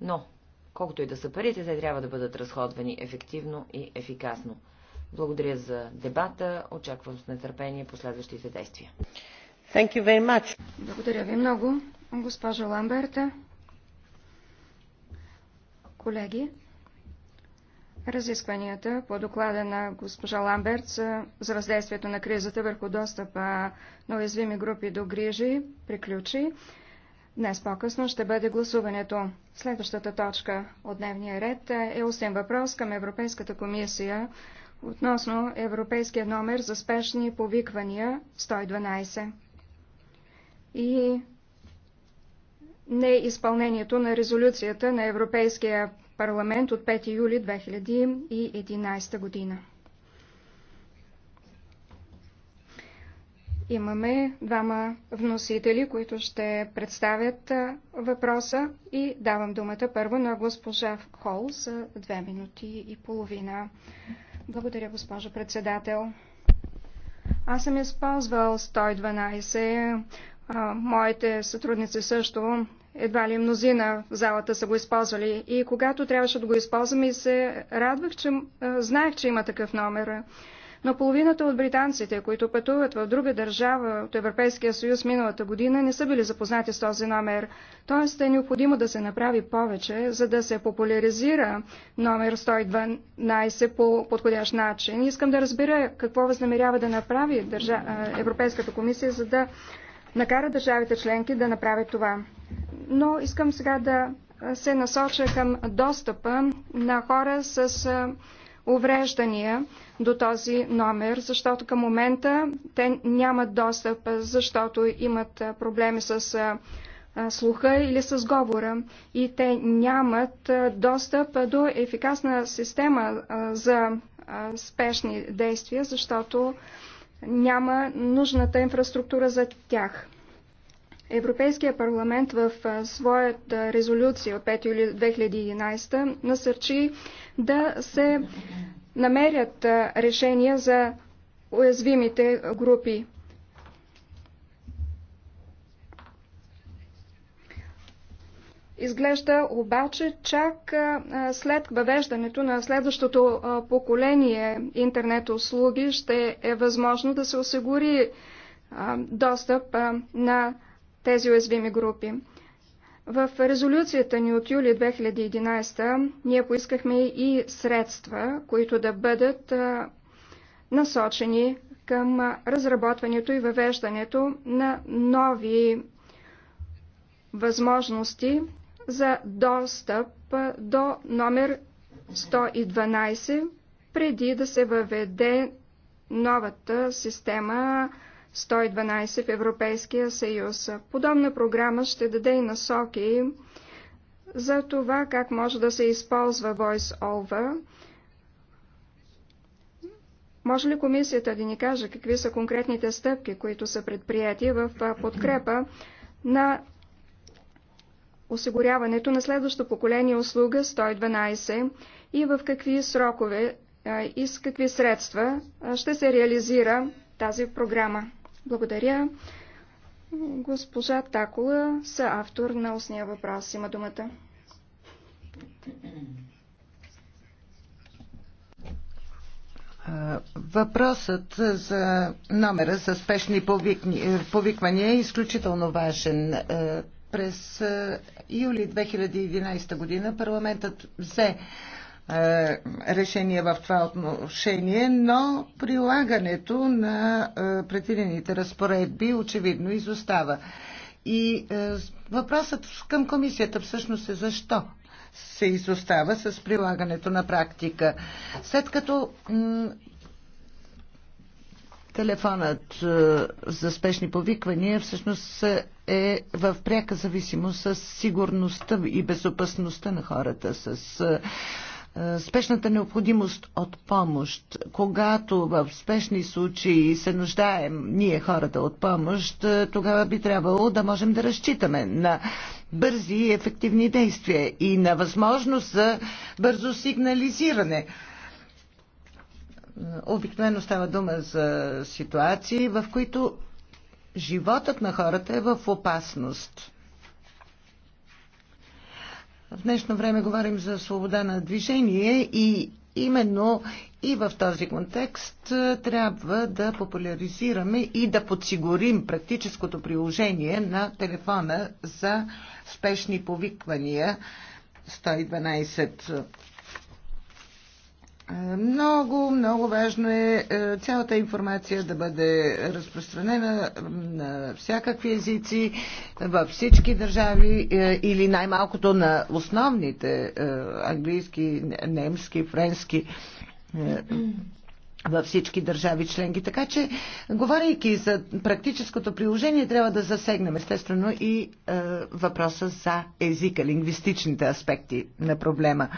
но колкото и да са парите, те трябва да бъдат разходвани ефективно и ефикасно. Благодаря за дебата. Очаквам с нетърпение последващите действия. Thank you very much. Благодаря ви много, госпожа Ламберта. Колеги, разискванията по доклада на госпожа Ламберт за въздействието на кризата върху достъпа на уязвими групи до грижи приключи. Днес по-късно ще бъде гласуването. Следващата точка от дневния ред е осен въпрос към Европейската комисия относно европейския номер за спешни повиквания 112 и неизпълнението на резолюцията на Европейския парламент от 5 юли 2011 година. Имаме двама вносители, които ще представят въпроса и давам думата първо на госпожа Хол за две минути и половина. Благодаря, госпожо председател. Аз съм използвал 112. Моите сътрудници също едва ли мнозина в залата са го използвали. И когато трябваше да го използвам и се радвах, че знаех, че има такъв номер. Но половината от британците, които пътуват в друга държава от Европейския съюз миналата година, не са били запознати с този номер. Тоест е необходимо да се направи повече, за да се популяризира номер 112 по подходящ начин. Искам да разбера какво възнамерява да направи държа... Европейската комисия, за да накара държавите членки да направят това. Но искам сега да се насоча към достъпа на хора с увреждания до този номер, защото към момента те нямат достъп, защото имат проблеми с слуха или с говора и те нямат достъп до ефикасна система за спешни действия, защото няма нужната инфраструктура за тях. Европейския парламент в своята резолюция от 5 юли 2011 насърчи да се намерят решения за уязвимите групи. Изглежда обаче чак след въвеждането на следващото поколение интернет-услуги ще е възможно да се осигури достъп на тези уязвими групи. В резолюцията ни от юли 2011 ние поискахме и средства, които да бъдат насочени към разработването и въвеждането на нови възможности за достъп до номер 112, преди да се въведе новата система 112 в Европейския съюз. Подобна програма ще даде и насоки за това как може да се използва VoiceOver. Може ли комисията да ни каже какви са конкретните стъпки, които са предприяти в подкрепа на осигуряването на следващо поколение услуга 112 и в какви срокове и с какви средства ще се реализира тази програма? Благодаря. Госпожа Такола, са автор на устния въпрос. Има думата. Въпросът за номера за спешни е, повиквания е изключително важен. През юли 2011 година парламентът взе е, решение в това отношение, но прилагането на е, предвидените разпоредби очевидно изостава. И е, въпросът към комисията всъщност е защо се изостава с прилагането на практика. След като телефонът за спешни повиквания всъщност е в пряка зависимост с сигурността и безопасността на хората, с е, спешната необходимост от помощ. Когато в спешни случаи се нуждаем ние хората от помощ, е, тогава би трябвало да можем да разчитаме на бързи и ефективни действия и на възможност за бързо сигнализиране. Обикновено става дума за ситуации, в които животът на хората е в опасност. В днешно време говорим за свобода на движение и именно и в този контекст е, трябва да популяризираме и да подсигурим практическото приложение на телефона за спешни повиквания 112. Много, много важно е, е цялата информация да бъде разпространена на всякакви езици, във всички държави е, или най-малкото на основните е, английски, немски, френски във всички държави членки. Така че, говорейки за практическото приложение, трябва да засегнем естествено и е, въпроса за езика, лингвистичните аспекти на проблема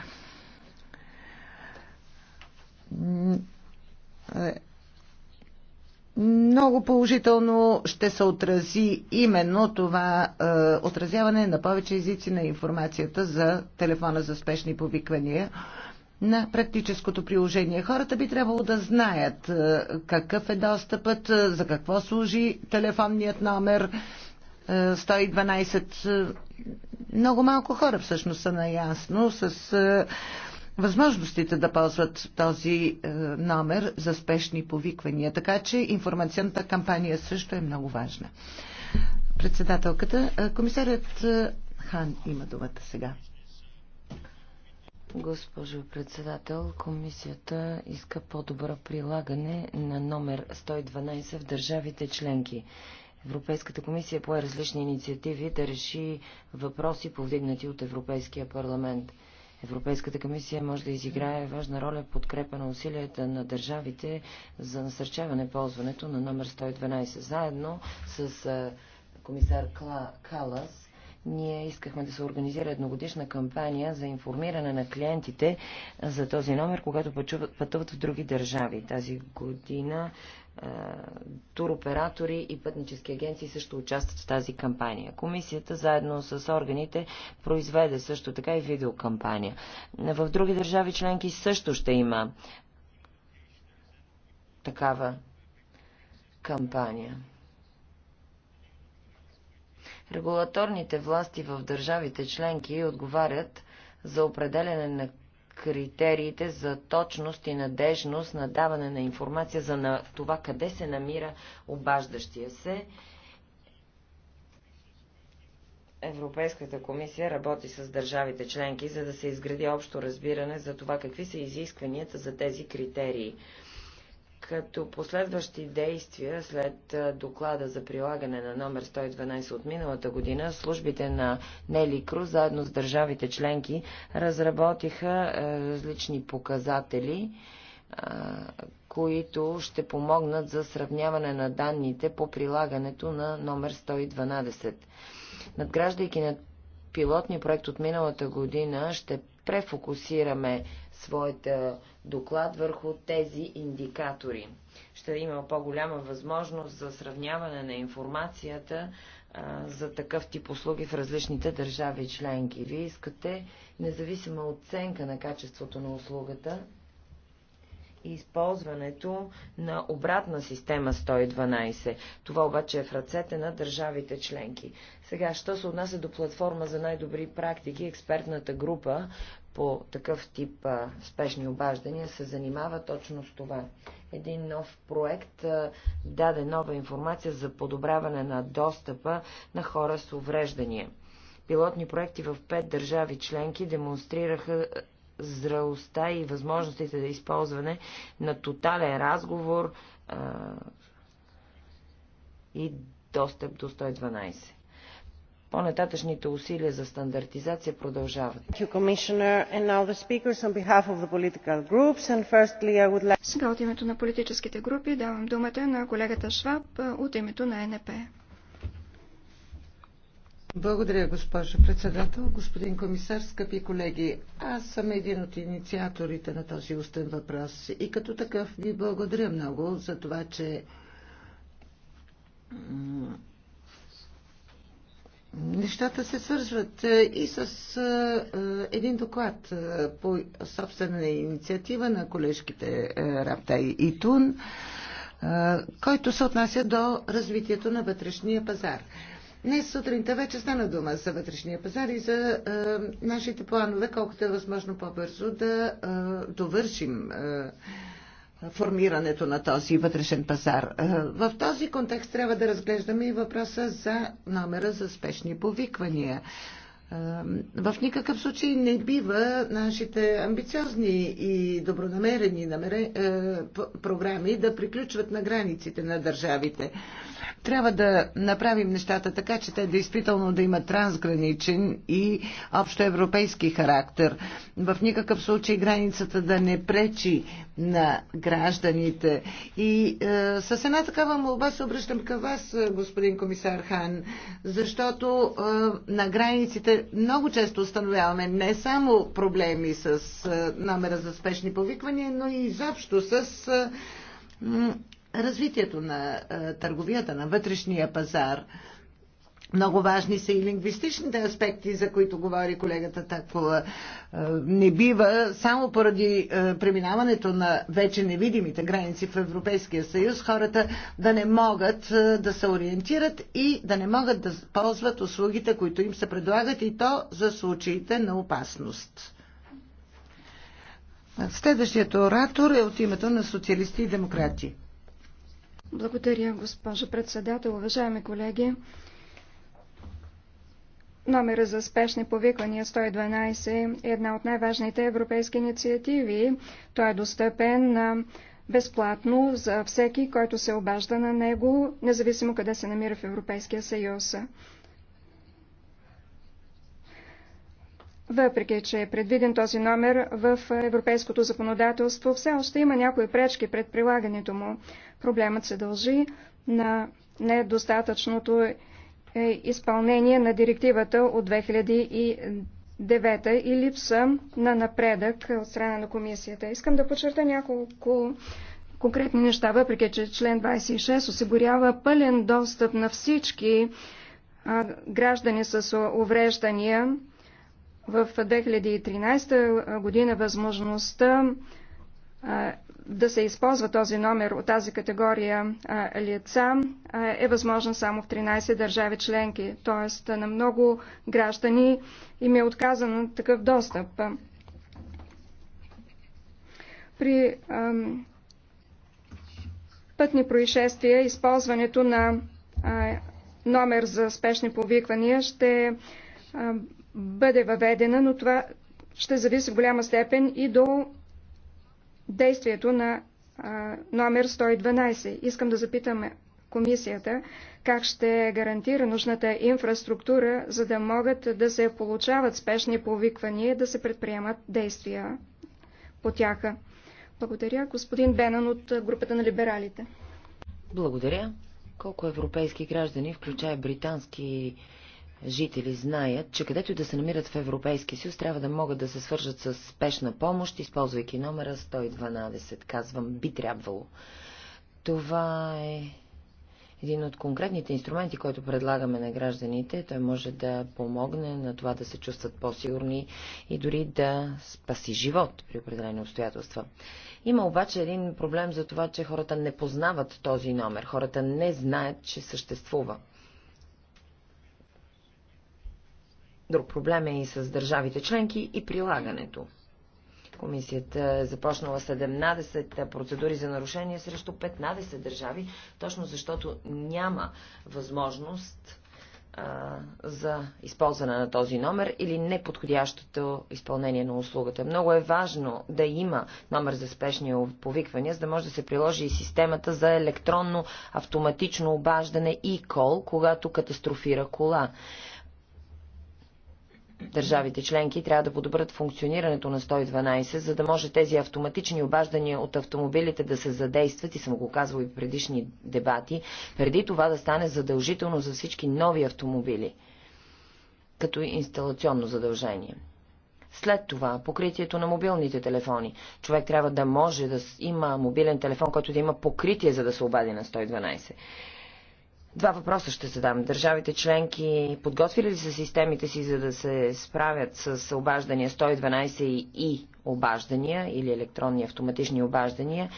много положително ще се отрази именно това е, отразяване на повече езици на информацията за телефона за спешни повиквания на практическото приложение. Хората би трябвало да знаят е, какъв е достъпът, е, за какво служи телефонният номер е, 112. Е, много малко хора всъщност са наясно с. Е, възможностите да ползват този е, номер за спешни повиквания. Така че информационната кампания също е много важна. Председателката, е, комисарят е, Хан има думата сега. Госпожо председател, комисията иска по-добро прилагане на номер 112 в държавите членки. Европейската комисия пое различни инициативи да реши въпроси, повдигнати от Европейския парламент. Европейската комисия може да изиграе важна роля в подкрепа на усилията на държавите за насърчаване ползването на номер 112. Заедно с комисар Кла Калас ние искахме да се организира едногодишна кампания за информиране на клиентите за този номер, когато пътуват в други държави. Тази година туроператори и пътнически агенции също участват в тази кампания. Комисията заедно с органите произведе също така и видеокампания. В други държави членки също ще има такава кампания. Регулаторните власти в държавите членки отговарят за определене на критериите за точност и надежност на даване на информация за на това къде се намира обаждащия се. Европейската комисия работи с държавите членки, за да се изгради общо разбиране за това какви са изискванията за тези критерии като последващи действия след доклада за прилагане на номер 112 от миналата година, службите на Нели Круз заедно с държавите членки разработиха различни показатели, които ще помогнат за сравняване на данните по прилагането на номер 112. Надграждайки на пилотния проект от миналата година, ще префокусираме своята доклад върху тези индикатори. Ще има по-голяма възможност за сравняване на информацията а, за такъв тип услуги в различните държави членки. Вие искате независима оценка на качеството на услугата и използването на обратна система 112. Това обаче е в ръцете на държавите членки. Сега, що се отнася до платформа за най-добри практики, експертната група по такъв тип а, спешни обаждания се занимава точно с това. Един нов проект а, даде нова информация за подобряване на достъпа на хора с увреждания. Пилотни проекти в пет държави членки демонстрираха зрелостта и възможностите за използване на тотален разговор а, и достъп до 112. По-нататъчните усилия за стандартизация продължават. Сега от името на политическите групи давам думата на колегата Шваб от името на НП. Благодаря, госпожо председател, господин комисар, скъпи колеги. Аз съм един от инициаторите на този устен въпрос и като такъв ви благодаря много за това, че Нещата се свързват е, и с е, е, един доклад по собствена инициатива на колежките Раптай и Тун, който се отнася до развитието на вътрешния пазар. Днес сутринта вече стана дума за вътрешния пазар и за нашите планове, колкото е възможно по-бързо да довършим формирането на този вътрешен пазар. Е, в този контекст трябва да разглеждаме и въпроса за номера за спешни повиквания. Е, в никакъв случай не бива нашите амбициозни и добронамерени е, програми да приключват на границите на държавите. Трябва да направим нещата така, че те действително да имат трансграничен и общоевропейски характер. В никакъв случай границата да не пречи на гражданите. И е, с една такава молба се обръщам към вас, е, господин комисар Хан, защото е, на границите много често установяваме не само проблеми с е, номера за спешни повиквания, но и изобщо с. Е, развитието на търговията, на вътрешния пазар. Много важни са и лингвистичните аспекти, за които говори колегата Такова. Не бива само поради преминаването на вече невидимите граници в Европейския съюз хората да не могат да се ориентират и да не могат да ползват услугите, които им се предлагат и то за случаите на опасност. Следващият оратор е от името на социалисти и демократи. Благодаря, госпожо председател. Уважаеми колеги, Номера за спешни повиквания 112 е една от най-важните европейски инициативи. Той е достъпен на безплатно за всеки, който се обажда на него, независимо къде се намира в Европейския съюз. Въпреки, че е предвиден този номер в европейското законодателство, все още има някои пречки пред прилагането му. Проблемът се дължи на недостатъчното е, изпълнение на директивата от 2009 и липса на напредък от страна на комисията. Искам да подчерта няколко конкретни неща, въпреки че член 26 осигурява пълен достъп на всички граждани с увреждания в 2013 година възможността да се използва този номер от тази категория а, лица а, е възможно само в 13 държави членки. Тоест на много граждани им е отказан такъв достъп. При а, пътни происшествия използването на а, номер за спешни повиквания ще а, бъде въведена, но това ще зависи в голяма степен и до действието на а, номер 112. Искам да запитаме комисията как ще гарантира нужната инфраструктура, за да могат да се получават спешни повиквания, да се предприемат действия по тяха. Благодаря. Господин Бенан от групата на либералите. Благодаря. Колко европейски граждани, включая британски жители знаят, че където и да се намират в Европейския съюз, трябва да могат да се свържат с спешна помощ, използвайки номера 112. Казвам, би трябвало. Това е един от конкретните инструменти, който предлагаме на гражданите. Той може да помогне на това да се чувстват по-сигурни и дори да спаси живот при определени обстоятелства. Има обаче един проблем за това, че хората не познават този номер. Хората не знаят, че съществува. Друг проблем е и с държавите членки и прилагането. Комисията е започнала 17 процедури за нарушение срещу 15 държави, точно защото няма възможност а, за използване на този номер или неподходящото изпълнение на услугата. Много е важно да има номер за спешни повиквания, за да може да се приложи и системата за електронно автоматично обаждане и кол, когато катастрофира кола държавите членки трябва да подобрят функционирането на 112, за да може тези автоматични обаждания от автомобилите да се задействат, и съм го казвал и в предишни дебати, преди това да стане задължително за всички нови автомобили, като инсталационно задължение. След това, покритието на мобилните телефони. Човек трябва да може да има мобилен телефон, който да има покритие, за да се обади на 112. Два въпроса ще задам. Държавите членки подготвили ли са системите си, за да се справят с обаждания 112 и обаждания или електронни автоматични обаждания?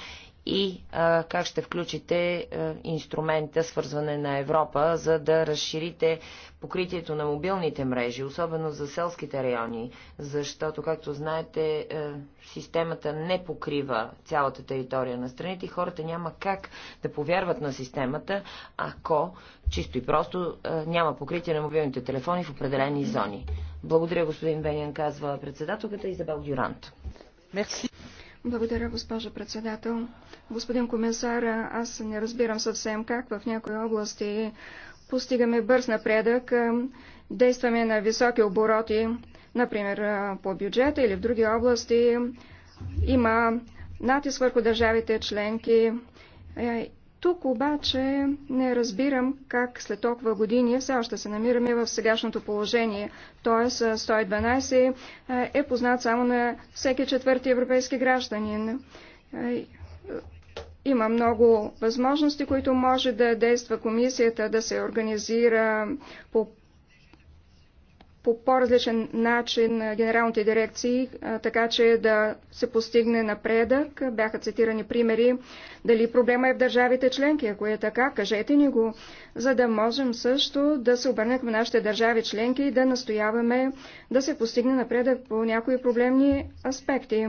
и а, как ще включите а, инструмента свързване на Европа, за да разширите покритието на мобилните мрежи, особено за селските райони, защото, както знаете, а, системата не покрива цялата територия на страните и хората няма как да повярват на системата, ако чисто и просто а, няма покритие на мобилните телефони в определени зони. Благодаря, господин Бениан, казва председателката Изабел Дюрант. Мерси. Благодаря, госпожа председател. Господин комисар, аз не разбирам съвсем как в някои области постигаме бърз напредък, действаме на високи обороти, например по бюджета или в други области. Има натиск върху държавите членки тук обаче не разбирам как след толкова години все още се намираме в сегашното положение. Тоест 112 е познат само на всеки четвърти европейски гражданин. Има много възможности, които може да действа комисията, да се организира по по по-различен начин на генералните дирекции, така че да се постигне напредък. Бяха цитирани примери дали проблема е в държавите членки. Ако е така, кажете ни го, за да можем също да се обърнем към нашите държави членки и да настояваме да се постигне напредък по някои проблемни аспекти.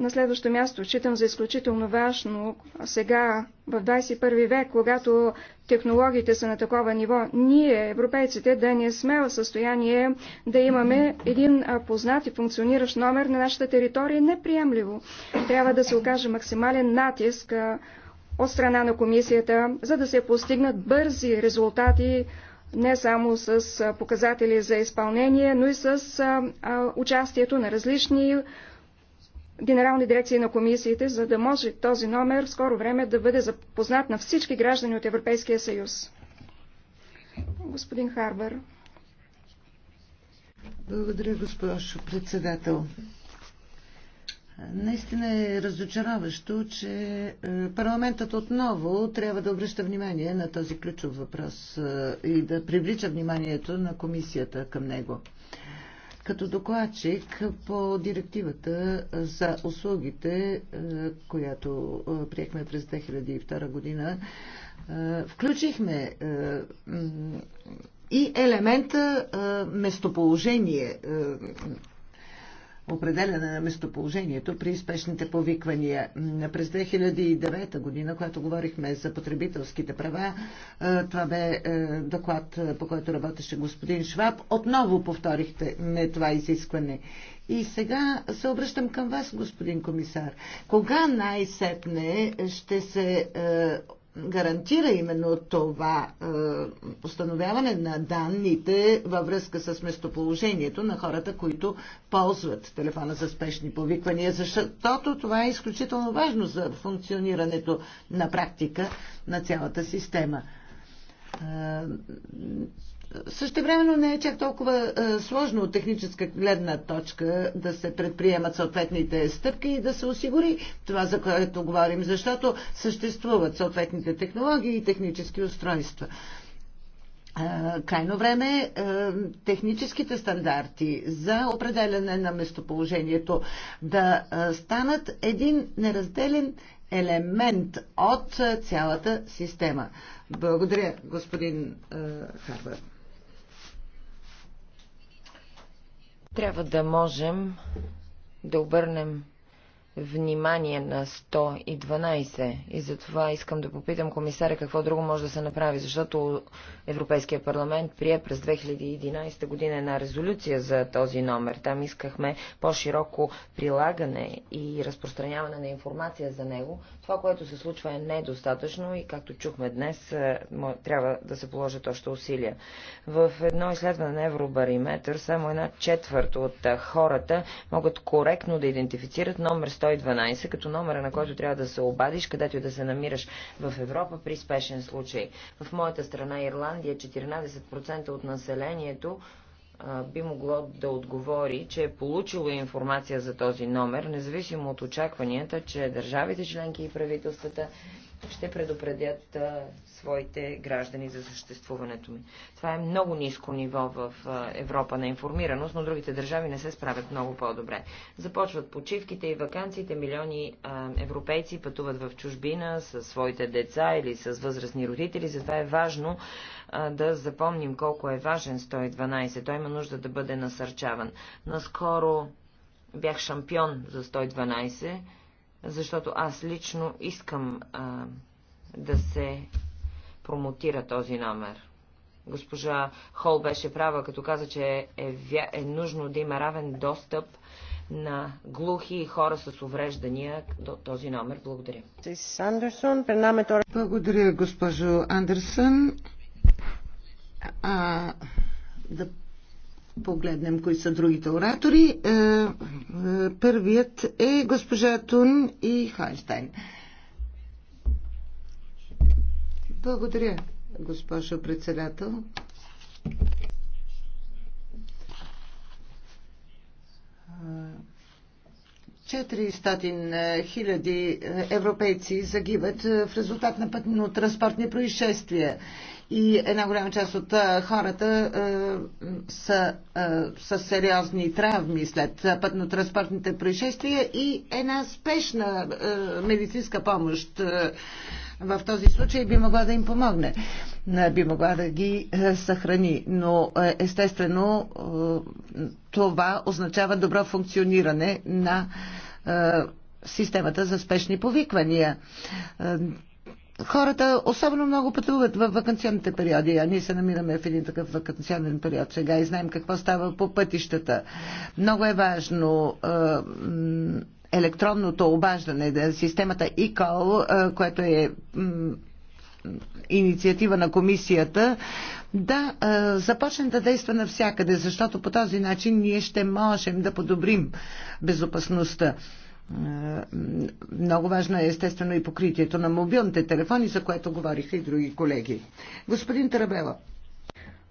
На следващо място считам за изключително важно сега, в 21 век, когато технологиите са на такова ниво, ние, европейците, да не сме в състояние да имаме един познат и функциониращ номер на нашата територия е неприемливо. Трябва да се окаже максимален натиск от страна на комисията, за да се постигнат бързи резултати не само с показатели за изпълнение, но и с участието на различни генерални дирекции на комисиите, за да може този номер в скоро време да бъде запознат на всички граждани от Европейския съюз. Господин Харбър. Благодаря, госпожо председател. Наистина е разочароващо, че е, парламентът отново трябва да обръща внимание на този ключов въпрос е, и да привлича вниманието на комисията към него като докладчик по директивата за услугите, е, която е, приехме през 2002 година, е, включихме и елемента местоположение определяне на местоположението при спешните повиквания. През 2009 година, когато говорихме за потребителските права, е, това бе е, доклад, е, по който работеше господин Шваб. Отново повторихте не това изискване. И сега се обръщам към вас, господин комисар. Кога най-сетне ще се гарантира именно това е, установяване на данните във връзка с местоположението на хората, които ползват телефона за спешни повиквания, защото това е изключително важно за функционирането на практика на цялата система. Е, времено не е чак толкова а, е, сложно от техническа гледна точка да се предприемат съответните стъпки и да се осигури това, за което говорим, защото съществуват съответните технологии и технически устройства. Е, крайно време е, техническите стандарти за определяне на местоположението да станат един неразделен елемент от цялата система. Благодаря, господин Харвард. Трябва да можем да обърнем внимание на 112 и затова искам да попитам комисаря какво друго може да се направи, защото Европейския парламент прие през 2011 година една резолюция за този номер. Там искахме по-широко прилагане и разпространяване на информация за него. Това, което се случва е недостатъчно и както чухме днес, е, трябва да се положат още усилия. В едно изследване на Евробариметър само една четвърт от е, хората могат коректно да идентифицират номер 112, като номера на който трябва да се обадиш, където и да се намираш в Европа при спешен случай. В моята страна Ирландия 14% от населението би могло да отговори, че е получило информация за този номер, независимо от очакванията, че държавите членки и правителствата ще предупредят а, своите граждани за съществуването ми. Това е много ниско ниво в а, Европа на информираност, но другите държави не се справят много по-добре. Започват почивките и вакансиите, милиони а, европейци пътуват в чужбина с своите деца или с възрастни родители, затова е важно а, да запомним колко е важен 112. Той има нужда да бъде насърчаван. Наскоро бях шампион за 112 защото аз лично искам а, да се промотира този номер. Госпожа Хол беше права, като каза, че е, вя... е нужно да има равен достъп на глухи и хора с увреждания до този номер. Благодаря. Благодаря, госпожо Андерсон. А, да погледнем кои са другите оратори. Е, е, първият е госпожа Тун и Хайнстайн. Благодаря, госпожо председател. 400 хиляди е, европейци загиват е, в резултат на пътно-транспортни происшествия. И една голяма част от е, хората са с сериозни травми след пътно-транспортните происшествия и една спешна медицинска помощ в този случай би могла да им помогне, е, би могла да ги е, съхрани. Но е, естествено това означава добро функциониране на системата за спешни повиквания. Хората особено много пътуват в вакансионните периоди, а ние се намираме в един такъв вакансионен период сега и знаем какво става по пътищата. Много е важно електронното обаждане, е, системата ECOL, е, което е инициатива на комисията, да е, започне да действа навсякъде, защото по този начин ние ще можем да подобрим безопасността. Много важно е естествено и покритието на мобилните телефони, за което говориха и други колеги. Господин Тарабела,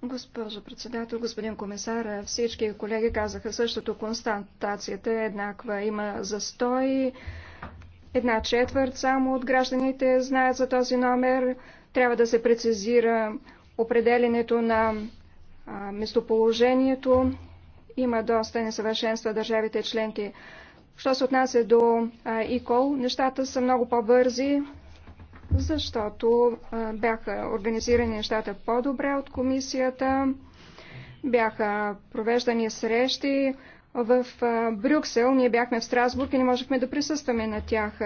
Госпожо председател, господин комисар, всички колеги казаха същото. Констатацията е еднаква. Има застой. Една четвърт само от гражданите знаят за този номер. Трябва да се прецизира определенето на местоположението. Има доста несъвършенства държавите членки. Що се отнася до ИКОЛ, нещата са много по-бързи защото бяха организирани нещата по-добре от комисията, бяха провеждани срещи в Брюксел, ние бяхме в Страсбург и не можехме да присъстваме на тях.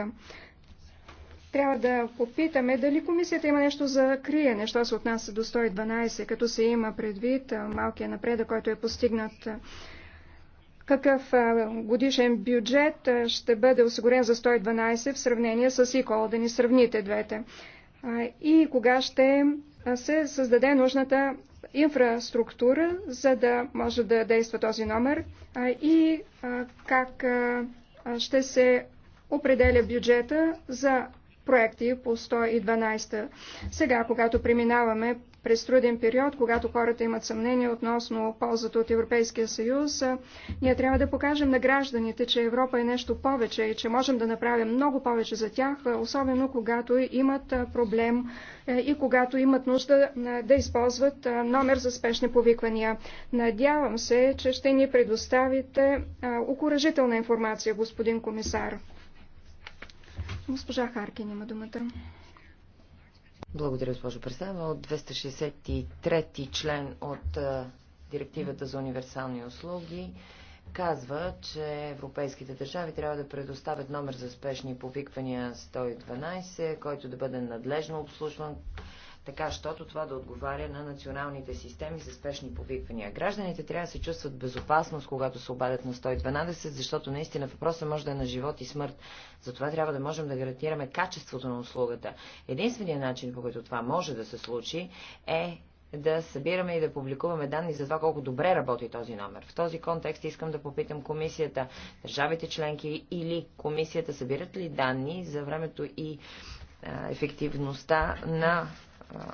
Трябва да попитаме дали комисията има нещо за криене, що се отнася до 112, като се има предвид малкия напредък, който е постигнат какъв годишен бюджет ще бъде осигурен за 112 в сравнение с ИКОЛ, да ни сравните двете. И кога ще се създаде нужната инфраструктура, за да може да действа този номер и как ще се определя бюджета за проекти по 112. Сега, когато преминаваме през труден период, когато хората имат съмнение относно ползата от Европейския съюз, ние трябва да покажем на гражданите, че Европа е нещо повече и че можем да направим много повече за тях, особено когато имат проблем и когато имат нужда да използват номер за спешни повиквания. Надявам се, че ще ни предоставите укоръжителна информация, господин комисар. Госпожа Харкин има думата. Благодаря, госпожо председател. От 263 ти член от Директивата за универсални услуги казва, че европейските държави трябва да предоставят номер за спешни повиквания 112, който да бъде надлежно обслужван така, щото това да отговаря на националните системи за спешни повиквания. Гражданите трябва да се чувстват безопасност, когато се обадят на 112, защото наистина въпросът може да е на живот и смърт. Затова трябва да можем да гарантираме качеството на услугата. Единственият начин, по който това може да се случи, е да събираме и да публикуваме данни за това колко добре работи този номер. В този контекст искам да попитам комисията, държавите членки или комисията събират ли данни за времето и ефективността на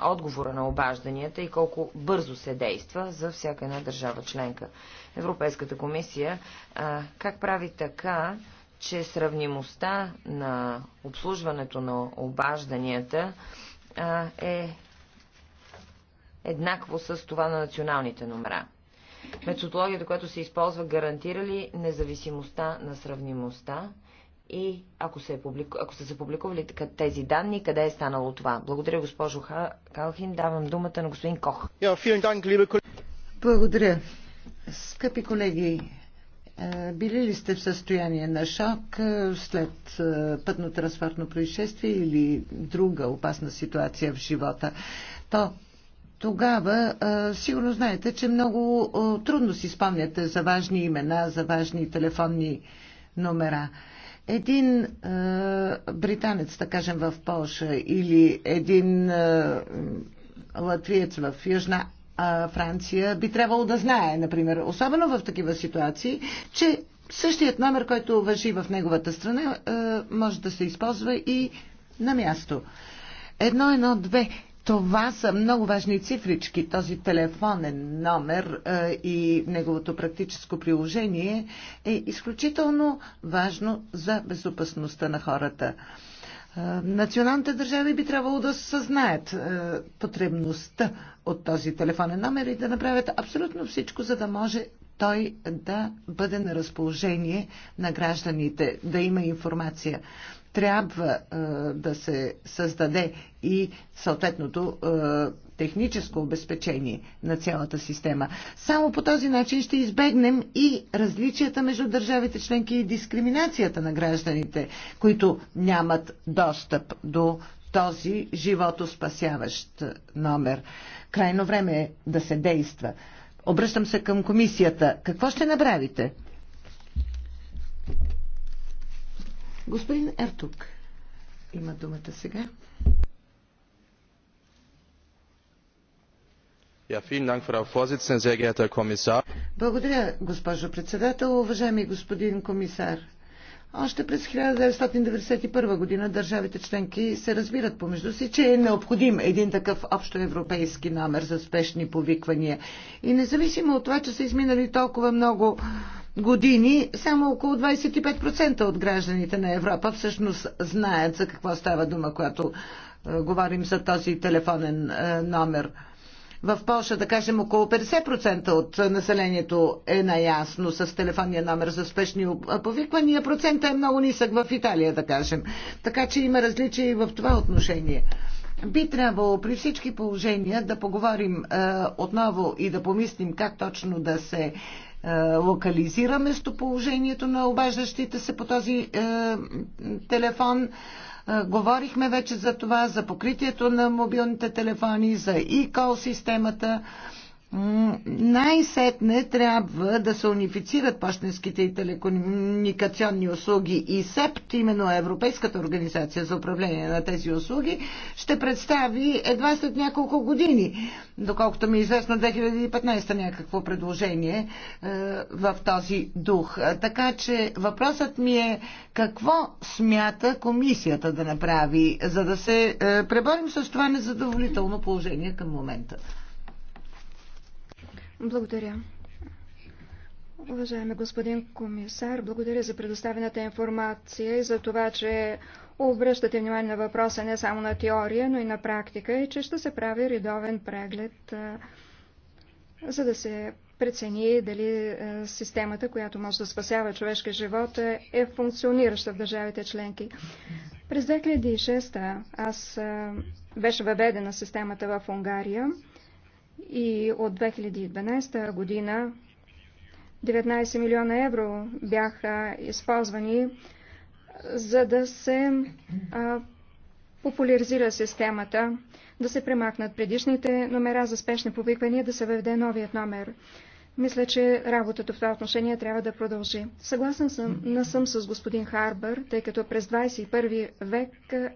отговора на обажданията и колко бързо се действа за всяка една държава членка. Европейската комисия как прави така, че сравнимостта на обслужването на обажданията е еднакво с това на националните номера? Методологията, която се използва, гарантира ли независимостта на сравнимостта и ако, се е публику... ако са се публикували тези данни, къде е станало това? Благодаря, госпожо Калхин. Давам думата на господин Кох. Благодаря. Скъпи колеги, е, били ли сте в състояние на шок е, след е, пътно-транспортно происшествие или друга опасна ситуация в живота? То тогава сигурно знаете, че много трудно си спомняте за важни имена, за важни телефонни номера един е, британец, да кажем, в Польша или един е, латвиец в Южна е, Франция би трябвало да знае, например, особено в такива ситуации, че същият номер, който въжи в неговата страна, е, може да се използва и на място. Едно, едно, две това са много важни цифрички. Този телефонен номер е, и неговото практическо приложение е изключително важно за безопасността на хората. Е, националните държави би трябвало да съзнаят е, потребността от този телефонен номер и да направят абсолютно всичко, за да може той да бъде на разположение на гражданите, да има информация трябва а, да се създаде и съответното а, техническо обезпечение на цялата система. Само по този начин ще избегнем и различията между държавите членки и дискриминацията на гражданите, които нямат достъп до този животоспасяващ номер. Крайно време е да се действа. Обръщам се към комисията. Какво ще направите? Господин Ертук има думата сега. Благодаря, госпожо председател. Уважаеми господин комисар, още през 1991 година държавите членки се разбират помежду си, че е необходим един такъв общоевропейски номер за спешни повиквания. И независимо от това, че са изминали толкова много години, само около 25% от гражданите на Европа всъщност знаят за какво става дума, когато е, говорим за този телефонен е, номер. В Польша, да кажем, около 50% от населението е наясно с телефонния номер за спешни повиквания. Процента е много нисък в Италия, да кажем. Така че има различия и в това отношение. Би трябвало при всички положения да поговорим е, отново и да помислим как точно да се е, локализира местоположението на обаждащите се по този е, телефон. Говорихме вече за това, за покритието на мобилните телефони, за e-call системата най-сетне трябва да се унифицират почтенските и телекомуникационни услуги и СЕПТ, именно Европейската организация за управление на тези услуги, ще представи едва след няколко години, доколкото ми е известно 2015 някакво предложение е, в този дух. Така че въпросът ми е какво смята комисията да направи, за да се е, преборим с това незадоволително положение към момента. Благодаря. Уважаеми господин комисар, благодаря за предоставената информация и за това, че обръщате внимание на въпроса не само на теория, но и на практика и че ще се прави редовен преглед, за да се прецени дали системата, която може да спасява човешка живот, е, е функционираща в държавите членки. През 2006 аз беше въведена системата в Унгария. И от 2012 година 19 милиона евро бяха използвани, за да се а, популяризира системата, да се премахнат предишните номера за спешни повиквания, да се въведе новият номер. Мисля, че работата в това отношение трябва да продължи. Съгласен съм, не съм с господин Харбър, тъй като през 21 век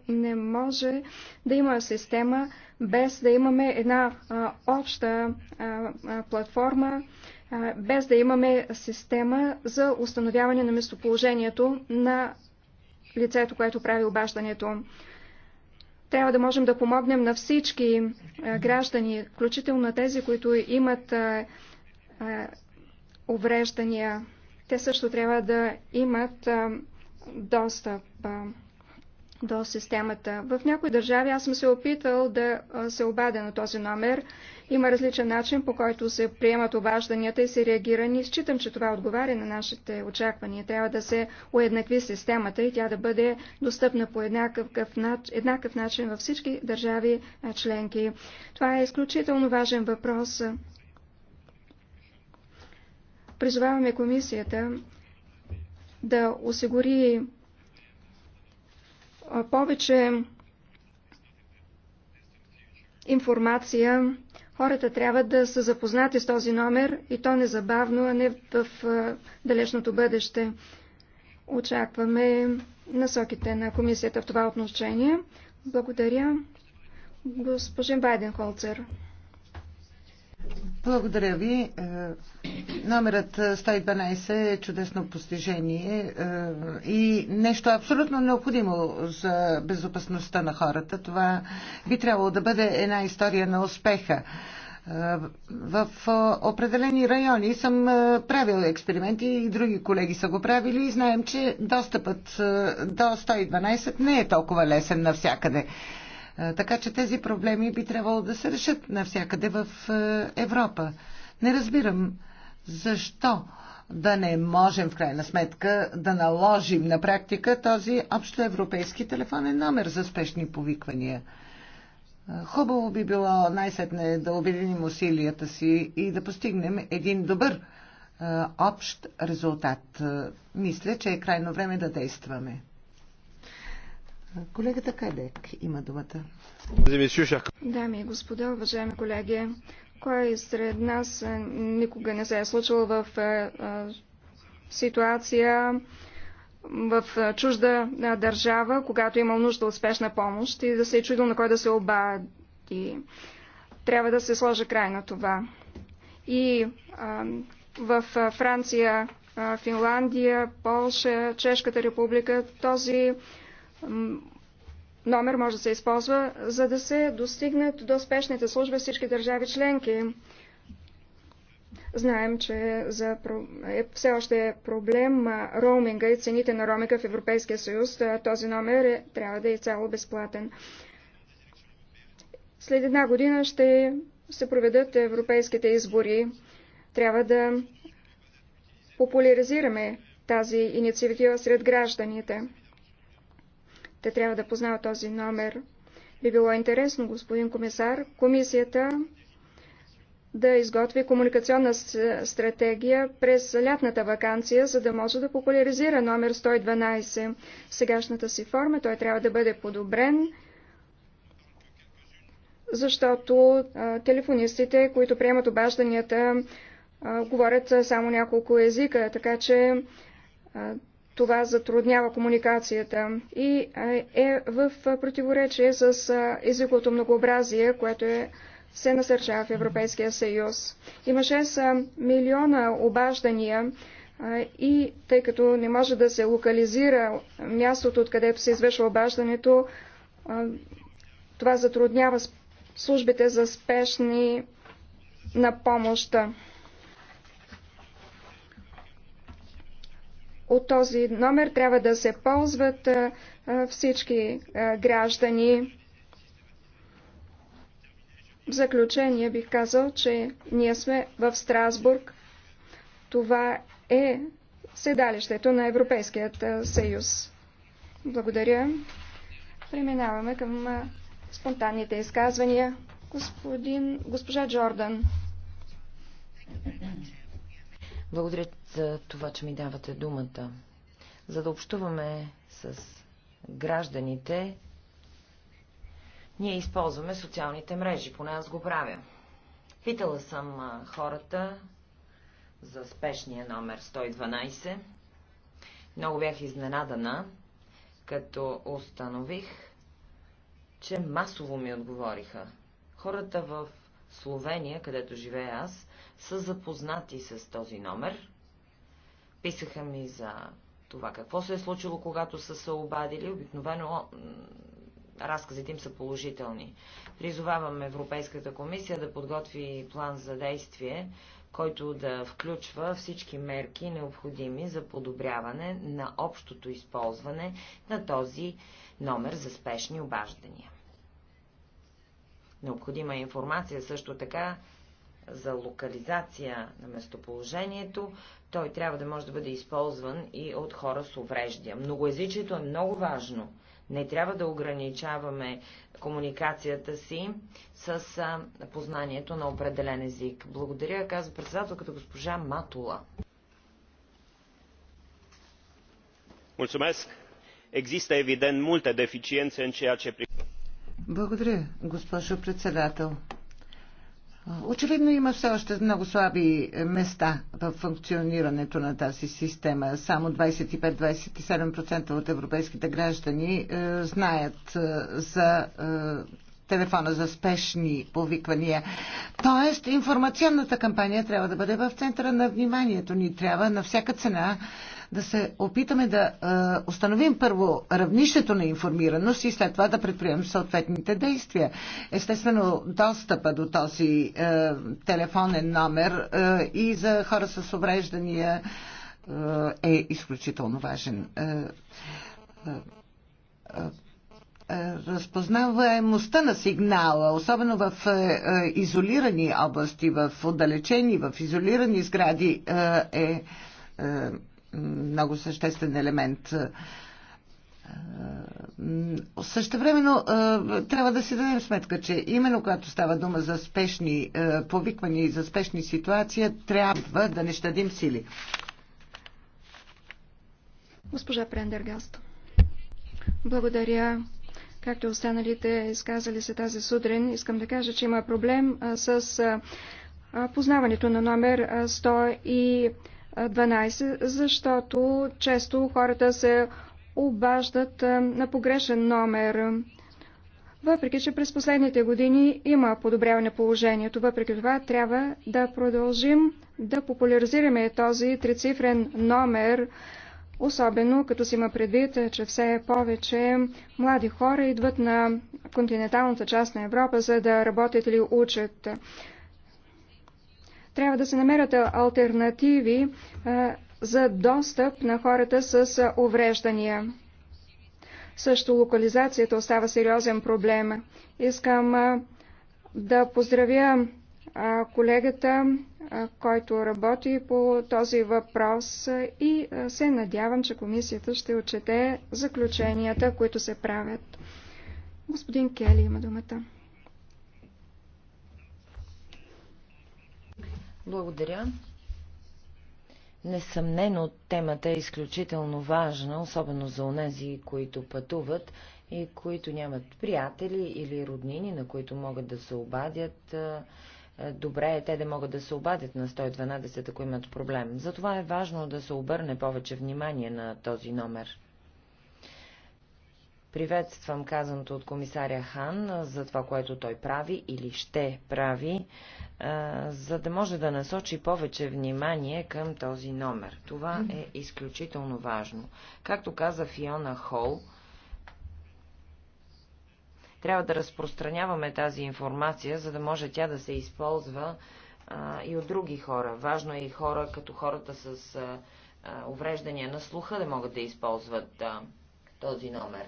не може да има система без да имаме една а, обща а, а, платформа, а, без да имаме система за установяване на местоположението на лицето, което прави обаждането. Трябва да можем да помогнем на всички а, граждани, включително на тези, които имат а, увреждания. Те също трябва да имат достъп до системата. В някои държави аз съм се опитал да се обадя на този номер. Има различен начин, по който се приемат обажданията и се реагира. Ни считам, че това отговаря на нашите очаквания. Трябва да се уеднакви системата и тя да бъде достъпна по еднакъв, еднакъв начин във всички държави членки. Това е изключително важен въпрос. Призоваваме комисията да осигури повече информация. Хората трябва да са запознати с този номер и то незабавно, а не в далечното бъдеще. Очакваме насоките на комисията в това отношение. Благодаря. госпожен Байден Холцер. Благодаря ви. Е, номерът 112 е чудесно постижение е, и нещо абсолютно необходимо за безопасността на хората. Това би трябвало да бъде една история на успеха. Е, в определени райони съм правил експерименти и други колеги са го правили и знаем, че достъпът до 112 не е толкова лесен навсякъде. Така че тези проблеми би трябвало да се решат навсякъде в Европа. Не разбирам защо да не можем в крайна сметка да наложим на практика този общоевропейски телефонен номер за спешни повиквания. Хубаво би било най-сетне да обединим усилията си и да постигнем един добър общ резултат. Мисля, че е крайно време да действаме. Колегата Кадек има думата. Дами и господа, уважаеми колеги, кой сред нас никога не се е случил в ситуация в чужда държава, когато е имал нужда от спешна помощ и да се е чудил на кой да се обади. Трябва да се сложи край на това. И в Франция, Финландия, Полша, Чешката република този номер може да се използва, за да се достигнат до спешните служби всички държави членки. Знаем, че за, е, все още е проблем роуминга и цените на роуминга в Европейския съюз. Този номер е, трябва да е цяло безплатен. След една година ще се проведат европейските избори. Трябва да популяризираме тази инициатива сред гражданите. Те трябва да познават този номер. Би било интересно, господин комисар, комисията да изготви комуникационна стратегия през лятната вакансия, за да може да популяризира номер 112. В сегашната си форма той трябва да бъде подобрен, защото а, телефонистите, които приемат обажданията, а, говорят само няколко езика, така че а, това затруднява комуникацията и е в противоречие с езиковото многообразие, което е се насърчава в Европейския съюз. Има 6 милиона обаждания и тъй като не може да се локализира мястото, откъдето се извършва обаждането, това затруднява службите за спешни на помощта. от този номер трябва да се ползват всички граждани. В заключение бих казал, че ние сме в Страсбург. Това е седалището на Европейският съюз. Благодаря. Преминаваме към спонтанните изказвания. Господин, госпожа Джордан. Благодаря за това, че ми давате думата. За да общуваме с гражданите, ние използваме социалните мрежи, поне аз го правя. Питала съм хората за спешния номер 112. Много бях изненадана, като установих, че масово ми отговориха. Хората в Словения, където живея аз, са запознати с този номер. Писаха ми за това какво се е случило, когато са се обадили. Обикновено разказите им са положителни. Призовавам Европейската комисия да подготви план за действие, който да включва всички мерки, необходими за подобряване на общото използване на този номер за спешни обаждания. Необходима е информация също така за локализация на местоположението. Той трябва да може да бъде използван и от хора с увреждия. Многоязичието е много важно. Не трябва да ограничаваме комуникацията си с познанието на определен език. Благодаря, казва председателката госпожа Матула. Mulțumesc. Există evident multe deficiențe în ceea ce благодаря, госпожо председател. Очевидно има все още много слаби места в функционирането на тази система. Само 25-27% от европейските граждани е, знаят е, за е, телефона за спешни повиквания. Тоест, информационната кампания трябва да бъде в центъра на вниманието ни. Трябва на всяка цена да се опитаме да а, установим първо равнището на информираност и след това да предприемем съответните действия. Естествено, достъпа до този а, телефонен номер а, и за хора с увреждания е изключително важен. разпознаваемостта на сигнала, особено в изолирани области, в отдалечени, в изолирани сгради, е много съществен елемент. Е, Също времено е, трябва да си дадем сметка, че именно когато става дума за спешни е, повиквания и за спешни ситуации, трябва да не щадим сили. Госпожа Прендергаст. Благодаря. Както останалите изказали се тази сутрин, искам да кажа, че има проблем с познаването на номер 100 и 12, защото често хората се обаждат на погрешен номер. Въпреки, че през последните години има подобряване положението, въпреки това трябва да продължим да популяризираме този трицифрен номер, особено като си има предвид, че все повече млади хора идват на континенталната част на Европа, за да работят или учат. Трябва да се намерят альтернативи за достъп на хората с увреждания. Също локализацията остава сериозен проблем. Искам да поздравя колегата, който работи по този въпрос и се надявам, че комисията ще отчете заключенията, които се правят. Господин Кели има думата. Благодаря. Несъмнено темата е изключително важна, особено за онези, които пътуват и които нямат приятели или роднини, на които могат да се обадят. Е, е, добре е те да могат да се обадят на 112, ако имат проблем. Затова е важно да се обърне повече внимание на този номер. Приветствам казаното от комисаря Хан за това, което той прави или ще прави, за да може да насочи повече внимание към този номер. Това е изключително важно. Както каза Фиона Хол, трябва да разпространяваме тази информация, за да може тя да се използва и от други хора. Важно е и хора, като хората с увреждания на слуха, да могат да използват този номер.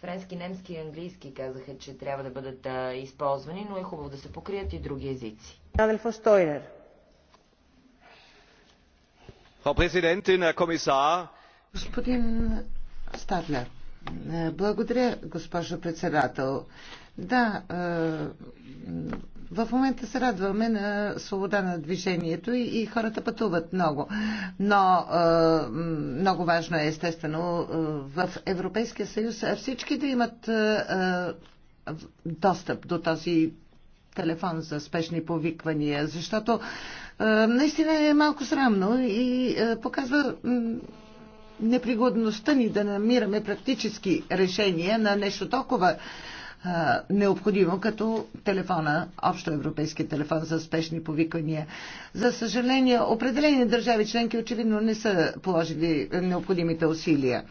Френски, немски и английски казаха, че трябва да бъдат а, използвани, но е хубаво да се покрият и други езици. Господин Старлер, е, благодаря, госпожо председател. Да, в момента се радваме на свобода на движението и, и хората пътуват много. Но много важно е, естествено, в Европейския съюз всички да имат достъп до този телефон за спешни повиквания, защото наистина е малко срамно и показва непригодността ни да намираме практически решения на нещо толкова необходимо, като телефона, общо европейски телефон за спешни повиквания. За съжаление, определени държави членки очевидно не са положили необходимите усилия.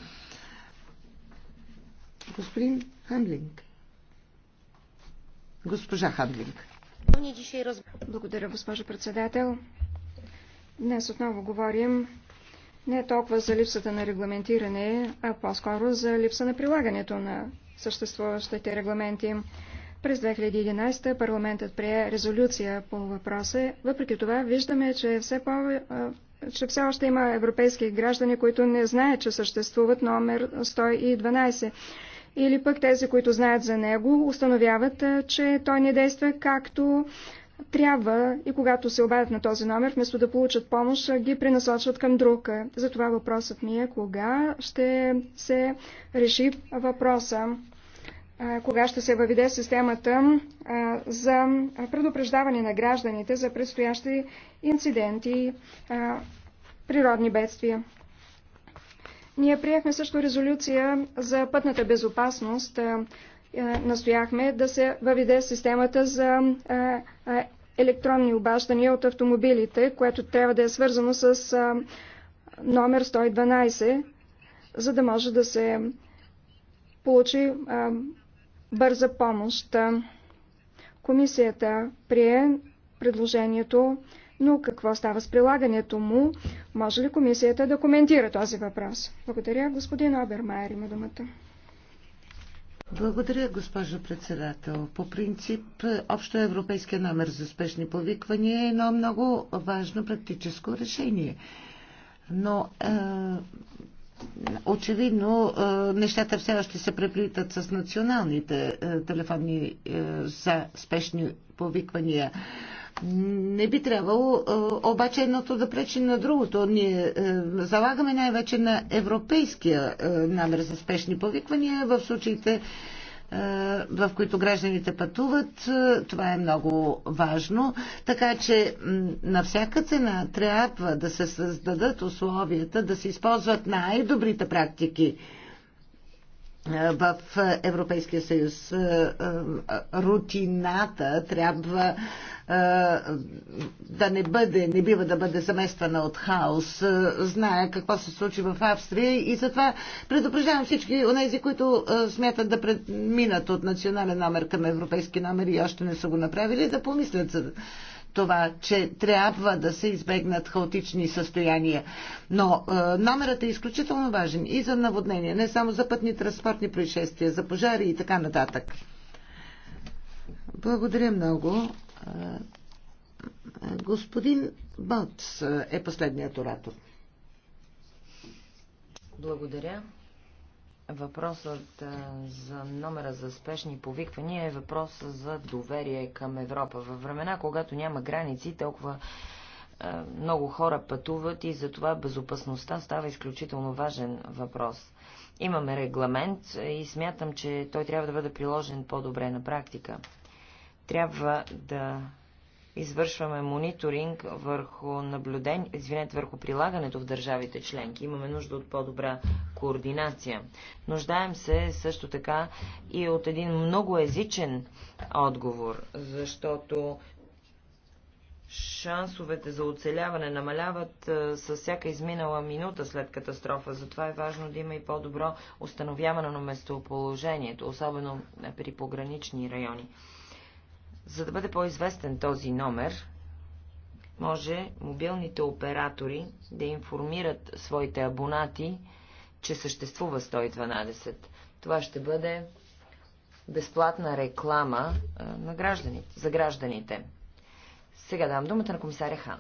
Господин Хамлинг. Госпожа Хамлинг. Благодаря, госпожа председател. Днес отново говорим не толкова за липсата на регламентиране, а по-скоро за липса на прилагането на съществуващите регламенти. През 2011 парламентът прие резолюция по въпроса. Въпреки това виждаме, че все, по, че все още има европейски граждани, които не знаят, че съществуват номер 112. Или пък тези, които знаят за него, установяват, че той не действа както трябва и когато се обадят на този номер, вместо да получат помощ, ги пренасочват към друг. Затова въпросът ми е кога ще се реши въпроса, кога ще се въведе системата за предупреждаване на гражданите за предстоящи инциденти, природни бедствия. Ние приехме също резолюция за пътната безопасност. Е, настояхме да се въведе системата за е, е, електронни обаждания от автомобилите, което трябва да е свързано с номер 112, за да може да се получи бърза помощ. Комисията прие предложението, но какво става с прилагането му? Може ли комисията да коментира този въпрос? Благодаря, господин Обермайер има думата. Благодаря, госпожо председател. По принцип, общо европейския номер за спешни повиквания е едно много важно практическо решение. Но е, очевидно е, нещата все още се преплитат с националните е, телефони е, за спешни повиквания. Не би трябвало е, обаче едното да пречи на другото. Ние е, залагаме най-вече на европейския е, номер за спешни повиквания в случаите, в които гражданите пътуват. Това е много важно. Така че на всяка цена трябва да се създадат условията да се използват най-добрите практики в Европейския съюз. Е, е, рутината трябва е, да не бъде, не бива да бъде замествана от хаос. Зная какво се случи в Австрия и затова предупреждавам всички от тези, които смятат да минат от национален номер към европейски номер и още не са го направили, да помислят за това, че трябва да се избегнат хаотични състояния. Но е, номерът е изключително важен и за наводнения, не само за пътни транспортни происшествия, за пожари и така нататък. Благодаря много. Е, господин Бълтс е последният оратор. Благодаря. Въпросът за номера за спешни повиквания е въпрос за доверие към Европа. Във времена, когато няма граници, толкова много хора пътуват и затова безопасността става изключително важен въпрос. Имаме регламент и смятам, че той трябва да бъде приложен по-добре на практика. Трябва да извършваме мониторинг върху наблюден... извинете, върху прилагането в държавите членки. Имаме нужда от по-добра координация. Нуждаем се също така и от един многоезичен отговор, защото шансовете за оцеляване намаляват с всяка изминала минута след катастрофа. Затова е важно да има и по-добро установяване на местоположението, особено при погранични райони. За да бъде по-известен този номер, може мобилните оператори да информират своите абонати, че съществува 112. Това ще бъде безплатна реклама на гражданите, за гражданите. Сега дам думата на комисаря Хан.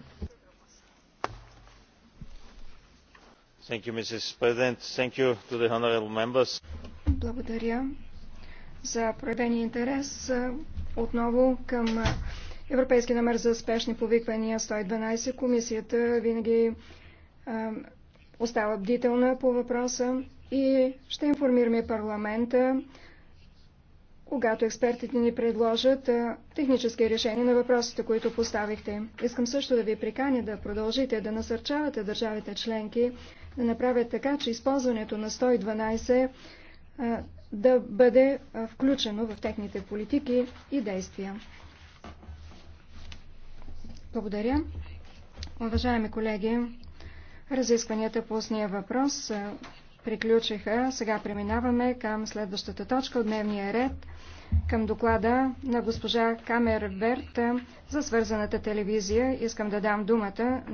You, Благодаря за проявения интерес отново към Европейски номер за спешни повиквания 112. Комисията винаги а, остава бдителна по въпроса и ще информираме парламента, когато експертите ни предложат а, технически решения на въпросите, които поставихте. Искам също да ви приканя да продължите да насърчавате държавите членки да направят така, че използването на 112 а, да бъде включено в техните политики и действия. Благодаря. Уважаеми колеги, разискванията по устния въпрос приключиха. Сега преминаваме към следващата точка от дневния ред, към доклада на госпожа Камерберт за свързаната телевизия. Искам да дам думата